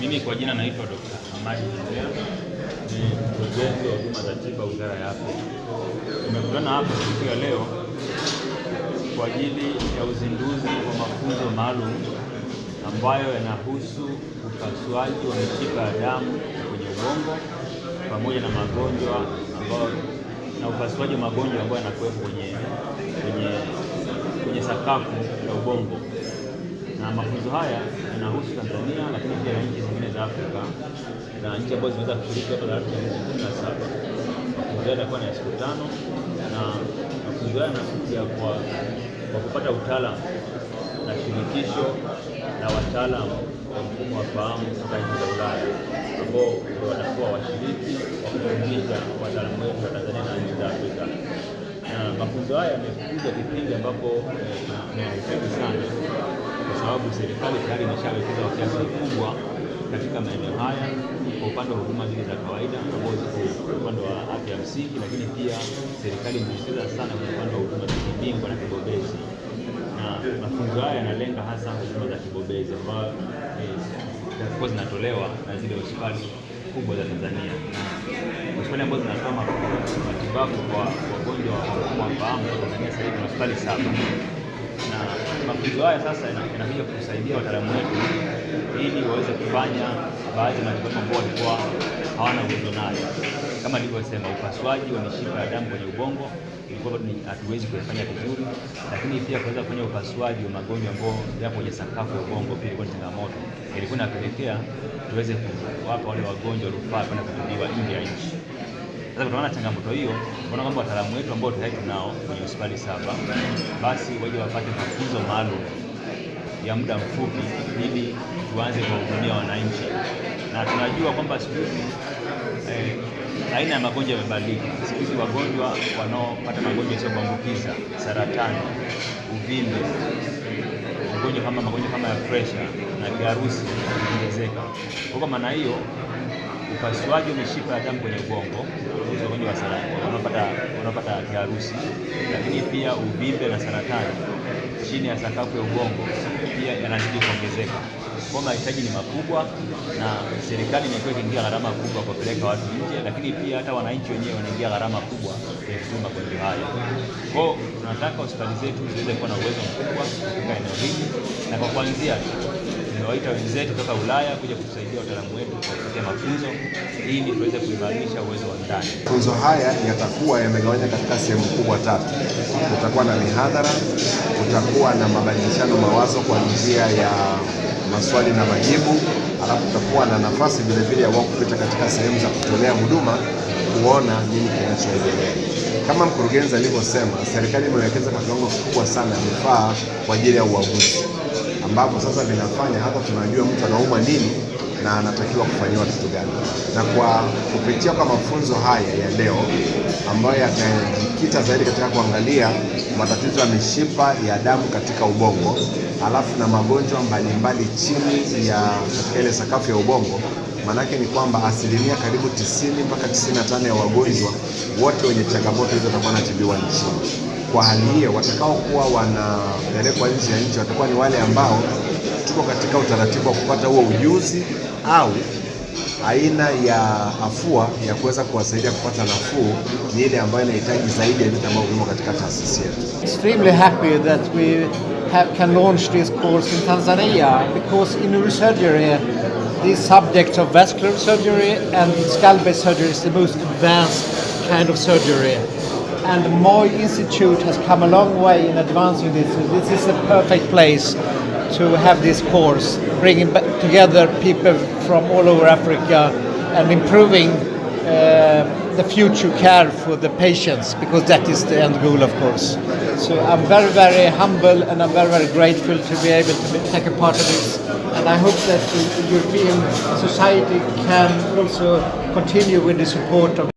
Mimi kwa jina naitwa Dr. Hamadi Mzera, ni mkurugenzi wa huduma za tiba Wizara ya Afya. Tumekutana hapa siku ya leo kwa ajili ya uzinduzi wa mafunzo maalum ambayo yanahusu upasuaji wa mishipa ya damu kwenye ubongo pamoja na magonjwa ambayo na upasuaji wa magonjwa ambayo yanakuwepo kwenye, kwenye, kwenye sakafu ya ubongo na mafunzo haya yanahusu Tanzania lakini pia na nchi zingine za Afrika na nchi ambazo zinaweza kushiriki hapa darasa la mwezi kumi na saba. Mafunzo haya yatakuwa ni ya siku tano na mafunzo haya yanakuja kwa, kwa kupata utaalamu na shirikisho na wataalamu wa mfumo wa fahamu kutoka nchi za Ulaya ambao watakuwa washiriki wa kufundisha wataalamu wetu wa Tanzania na nchi za Afrika na mafunzo haya yamekuja kipindi ambapo ni muhimu sana kwa sababu serikali tayari imeshawekeza wa kiasi kikubwa katika maeneo haya kwa upande wa huduma zile za kawaida ambao ziko upande wa afya msingi, lakini pia serikali imewekeza sana kwa upande wa huduma za kibingwa na kibobezi, na mafunzo haya yanalenga hasa huduma za kibobezi ambazo zitakuwa eh, zinatolewa na zile hospitali kubwa za Tanzania hospitali ambazo zinatoa matibabu kwa wagonjwa wa fahamu kwa Tanzania sasa hivi hospitali saba haya sasa inakuja kusaidia wataalamu wetu ili waweze kufanya baadhi ya matibabu ambao walikuwa hawana uwezo nayo, kama nilivyosema, upasuaji wa mishipa ya damu kwenye ubongo ilikuwa bado hatuwezi kuifanya vizuri, lakini pia kuweza kufanya upasuaji wa magonjwa ambayo yapo kwenye sakafu ya ubongo pia ilikuwa ni changamoto, ilikuwa inapelekea tuweze kuwapa wale wagonjwa rufaa kwenda kutibiwa nje ya nchi. Sasa kutokana na changamoto hiyo, tunaona kwamba wataalamu wetu ambao tayari tunao kwenye hospitali saba, basi waje wapate mafunzo maalum ya muda mfupi ili tuanze kuwahudumia wananchi, na tunajua kwamba siku hizi eh, aina ya magonjwa yamebadilika. Siku hizi wagonjwa wanaopata magonjwa kuambukiza, saratani, uvimbe, magonjwa kama magonjwa kama ya presha na kiharusi yanaongezeka. Kwa maana hiyo upasuaji wa mishipa ya damu kwenye ubongo, wagonjwa wanaopata wanaopata kiharusi, lakini pia uvimbe na saratani chini ya sakafu ya ubongo pia yanazidi kuongezeka. Kwa mahitaji ni makubwa, na serikali imekuwa ikiingia gharama kubwa kupeleka watu nje, lakini pia hata wananchi wenyewe wanaingia gharama kubwa ya kutibu magonjwa haya. Kwa tunataka hospitali zetu ziweze kuwa na uwezo mkubwa katika eneo hili, na kwa kuanzia tumewaita wenzetu kutoka Ulaya kuja kutusaidia wataalamu wetu kuwapatia mafunzo ili tuweze kuimarisha uwezo wa ndani. Mafunzo haya yatakuwa yamegawanya katika sehemu kubwa tatu. Kutakuwa na mihadhara, kutakuwa na mabadilishano mawazo kwa njia ya maswali na majibu, alafu kutakuwa na nafasi vilevile ya wao kupita katika sehemu za kutolea huduma kuona nini kinachoendelea. Kama mkurugenzi alivyosema, serikali imewekeza kwa kiwango kikubwa sana vifaa kwa ajili ya uaguzi ambapo sasa vinafanya hata tunajua mtu anauma nini na anatakiwa kufanyiwa kitu gani. Na kwa kupitia kwa mafunzo haya ya leo ambayo yatajikita zaidi katika kuangalia matatizo ya mishipa ya damu katika ubongo, halafu na magonjwa mbalimbali chini ya katika ile sakafu ya ubongo, maanake ni kwamba asilimia karibu 90 mpaka 95 ya wagonjwa wote wenye changamoto hizo watakuwa wanatibiwa nchini. Kwa hali hiyo, watakaokuwa wanapelekwa nchi ya nchi watakuwa ni wale ambao tuko katika utaratibu wa kupata huo ujuzi au aina ya afua ya kuweza kuwasaidia kupata nafuu ni ile ambayo inahitaji zaidi ya vitu ambavyo vimo katika taasisi yetu. Extremely happy that we have, can launch this course in Tanzania because in neurosurgery this subject of vascular surgery and skull-based surgery is the most advanced kind of surgery. and the Moy Institute has come a long way in advancing this. So this is the perfect place to have this course, bringing together people from all over Africa and improving uh, the future care for the patients because that is the end goal, of course. So I'm very, very humble and I'm very, very grateful to be able to be, take a part of this. And I hope that the European society can also continue with the support of.